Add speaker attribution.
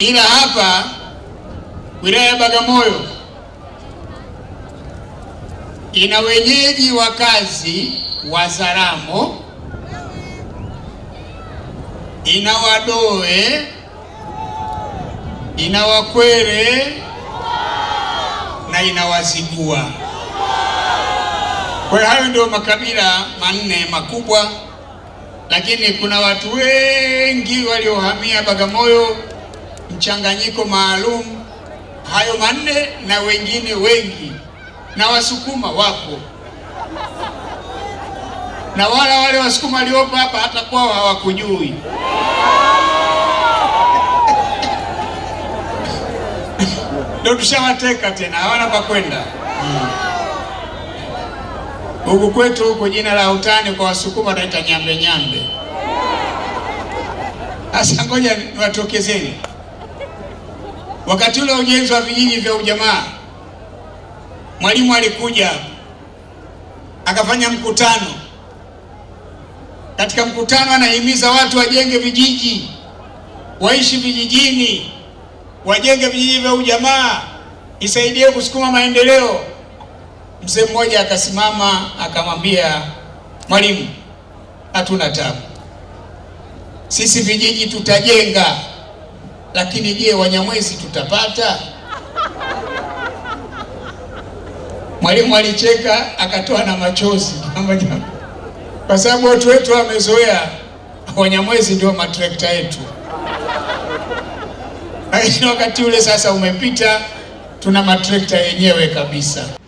Speaker 1: Ila hapa wilaya ya Bagamoyo ina wenyeji wakazi wa Saramo, ina Wadoe, ina Wakwere na ina Wasigua. Kwa hiyo hayo ndio makabila manne makubwa, lakini kuna watu wengi waliohamia Bagamoyo mchanganyiko maalum hayo manne na wengine wengi, na Wasukuma wapo na wala wale Wasukuma waliopo hapa hata kwao hawakujui. Ndio tushawateka tena, hawana pa kwenda hmm. huku hmm. Kwetu huku jina la utani kwa Wasukuma wanaita nyambe nyambe. Sasa ngoja niwatokezeni. Wakati ule ujenzi wa vijiji vya ujamaa, Mwalimu alikuja akafanya mkutano. Katika mkutano, anahimiza watu wajenge vijiji, waishi vijijini, wajenge vijiji vya ujamaa, isaidie kusukuma maendeleo. Mzee mmoja akasimama akamwambia Mwalimu, hatuna tabu, sisi vijiji tutajenga lakini je, Wanyamwezi tutapata? Mwalimu alicheka akatoa na machozi kwa sababu watu wetu wamezoea Wanyamwezi ndio matrekta yetu. Lakini wakati ule sasa umepita, tuna matrekta yenyewe kabisa.